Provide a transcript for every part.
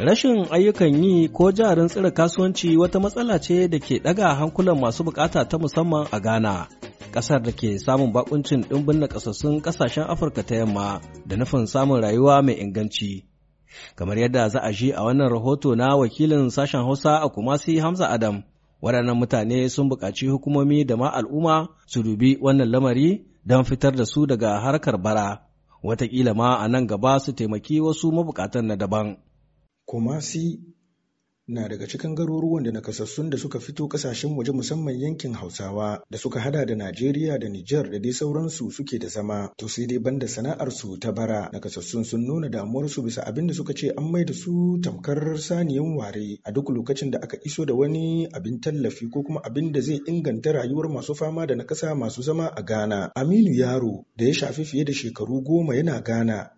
Rashin ayyukan yi ko jarin tsira kasuwanci wata matsala ce da ke ɗaga hankulan masu bukata ta musamman a Ghana. Ƙasar da ke samun bakuncin ɗumbin na ƙasassun ƙasashen Afirka ta yamma da nufin samun rayuwa mai inganci. Kamar yadda za a ji a wannan rahoto na wakilin sashen Hausa a Kumasi Hamza Adam, waɗannan mutane sun buƙaci hukumomi da ma al'umma su dubi wannan lamari don fitar da su daga harkar bara. Wataƙila ma a nan gaba su taimaki wasu mabukatan na daban. Kumasi na daga cikin garuruwan da nakasassun da suka fito kasashen waje musamman yankin Hausawa da suka hada da Najeriya da Nijar da dai sauransu suke da zama to sai dai banda sana'ar su ta bara nakasassun sun nuna damuwar su bisa abin da suka ce an mai da su tamkar saniyan ware a duk lokacin da aka iso da wani abin tallafi ko kuma abin da zai inganta rayuwar masu fama da nakasa masu zama a Ghana Aminu Yaro da ya shafi fiye da shekaru goma yana Ghana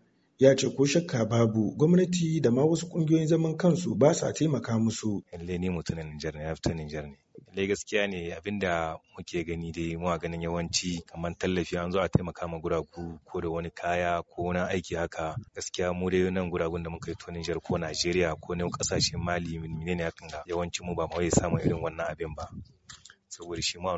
ya ce ko shakka babu gwamnati da ma wasu kungiyoyin zaman kansu ba sa taimaka musu. ne mutum mutumin Nijar ne, ya fita Nijar ne. Lalle gaskiya ne abinda muke gani dai mu ganin yawanci kamar tallafi an zo a taimaka ma guragu ko da wani kaya ko wani aiki haka gaskiya mu dai nan guragun da muka yi to Nijar ko Najeriya ko ne kasashen Mali menene haka yawanci mu ba mu samun irin wannan abin ba. saboda shi ma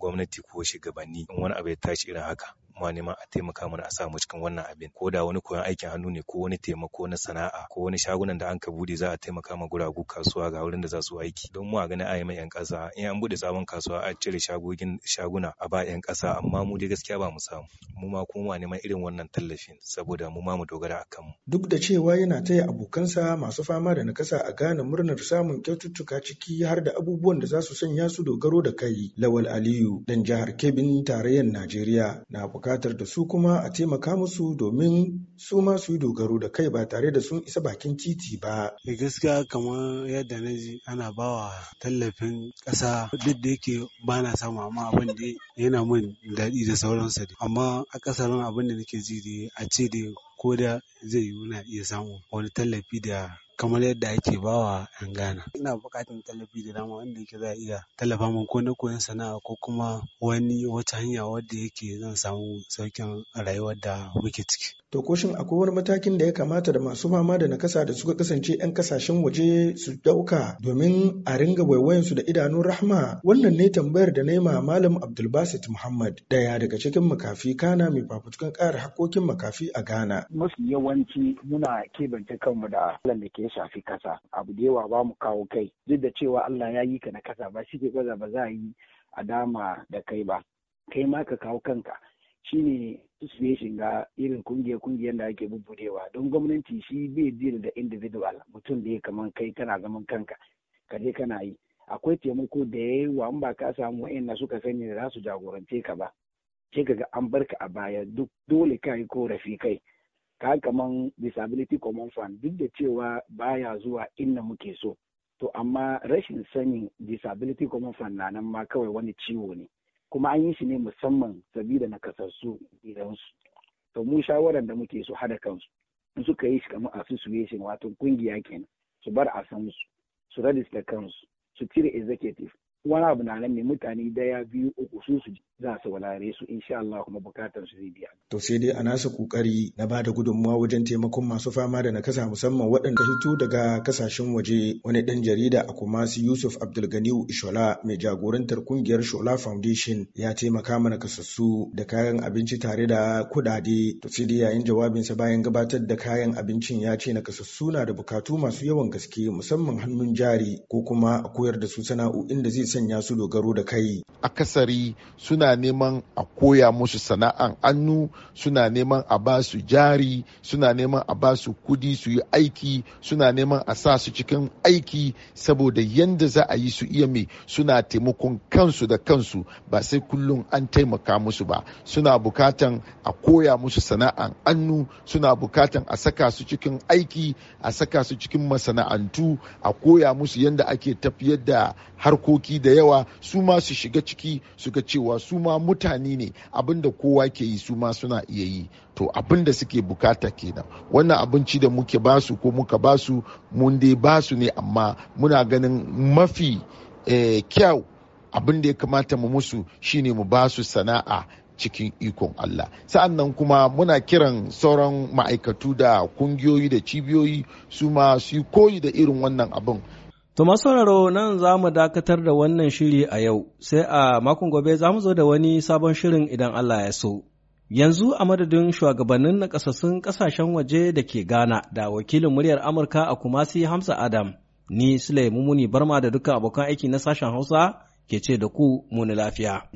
gwamnati ko shugabanni in wani abu ya tashi irin haka ma neman a taimaka mana a sa mu cikin wannan abin ko da wani koyon aikin hannu ne ko wani taimako na sana'a ko wani shagunan da an ka bude za a taimaka ma guragu kasuwa ga wurin da za su aiki don mu a gani a yi mai yan kasa in an bude sabon kasuwa a cire shagogin shaguna a ba yan kasa amma mu dai gaskiya ba mu samu mu ma kuma neman irin wannan tallafin saboda mu ma mu dogara a kanmu. Duk da cewa yana taya abokansa masu fama da nakasa a gane murnar samun kyaututtuka ciki har da abubuwan da za su sanya su dogaro da kai. Lawal Aliyu dan jihar Kebbi tarayyar Najeriya na bukatar da su kuma a taimaka musu domin su ma su yi dogaro da kai ba tare da sun isa bakin titi ba. Da eh, gaskiya kamar yadda na ji ana bawa tallafin ƙasa duk da yake ba na samu amma abin da yana min daɗi da sauransu amma a akasarin abin da nake ji da a ce da ko da zai yi na iya samu wani tallafi da kamar yadda ake bawa 'yan Ghana. Ina buƙatar tallafi da dama wanda yake za a iya tallafa min ko na koyon sana'a ko kuma wani wata hanya wadda yake zan samu sauƙin rayuwar da muke ciki. To ko shin akwai wani matakin da ya kamata da masu fama da nakasa da suka kasance 'yan kasashen waje su dauka domin a ringa waiwayen su da idanun rahma? Wannan ne tambayar da na yi ma Malam Abdulbasit Muhammad daya daga cikin makafi kana mai fafutukan ƙara hakkokin makafi a Ghana. Masu yawanci muna kebanta kanmu da Allah da ke shafi kasa abu da yawa ba mu kawo kai duk da cewa Allah ya yi ka na kasa ba shi ke ba za a yi a dama da kai ba kai ma ka kawo kanka. shine association shiga irin kungiyar kungiyar da ake bubbudewa don gwamnati shi bai deal da individual mutum da ya kaman kai kana zaman kanka ka je kana yi akwai taimako da ya yi wa ba ka samu wa'in suka sani da za su jagorance ka ba sai ka ga an bar ka a baya duk dole ka yi korafi kai ka kaman disability common fund duk da cewa baya zuwa inda muke so to amma rashin sanin disability common fund na nan ma kawai wani ciwo ne kuma an yi shi ne musamman sabida na idan gidansu to mu shawaran da muke su hada kansu in suka yi shi kamar association wato kungiya kenan su bar a san su su register kansu su cire executive wani abu na nan ne mutane daya biyu uku su su za su walare su insha Allah kuma bukatar su zai biya. To sai dai a nasa kokari na ba da gudunmuwa wajen taimakon masu fama da nakasa musamman waɗanda hito daga kasashen waje wani ɗan jarida a Kumasi Yusuf Abdulganiyu Ishola mai jagorantar kungiyar Shola Foundation ya taimaka mana kasassu da kayan abinci tare da kuɗaɗe. To sai dai yayin jawabinsa bayan gabatar da kayan abincin ya ce nakasassu na da bukatu masu yawan gaske musamman hannun jari ko kuma a koyar da su sana'o'in da zai sanya su dogaro da kai akasari suna neman a koya musu sana'an annu suna neman a ba su jari suna neman a ba su kudi su yi aiki suna neman a sa su cikin aiki saboda yadda za a yi su iya mai suna taimakon kansu da kansu ba sai kullum an taimaka musu ba suna bukatan a koya musu sana'an annu suna bukatan a saka su cikin aiki a saka su cikin masana'antu a koya musu yadda ake tafiyar da harkoki da yawa su ma su shiga ciki suka cewa su ma mutane ne abinda kowa ke yi su ma suna iya yi to abin da suke bukata kenan wannan abinci da muke basu ko muka basu mun dai basu ne amma muna ganin mafi eh, kyau abin da ya kamata mu musu shine mu basu sana'a cikin ikon Allah. Sa'an nan kuma muna kiran sauran ma'aikatu da kungiyoyi da cibiyoyi su ma su koyi da irin wannan abin To masauraro nan za mu dakatar da wannan shiri a yau, sai a makon gobe za mu zo da wani sabon shirin idan Allah ya so. Yanzu a madadin shugabannin na kasassun kasashen waje da ke Ghana da wakilin muryar Amurka a Kumasi Hamza Adam, ni Sule Mumuni Barma da duka abokan aiki na sashen Hausa ke ce da ku muni lafiya.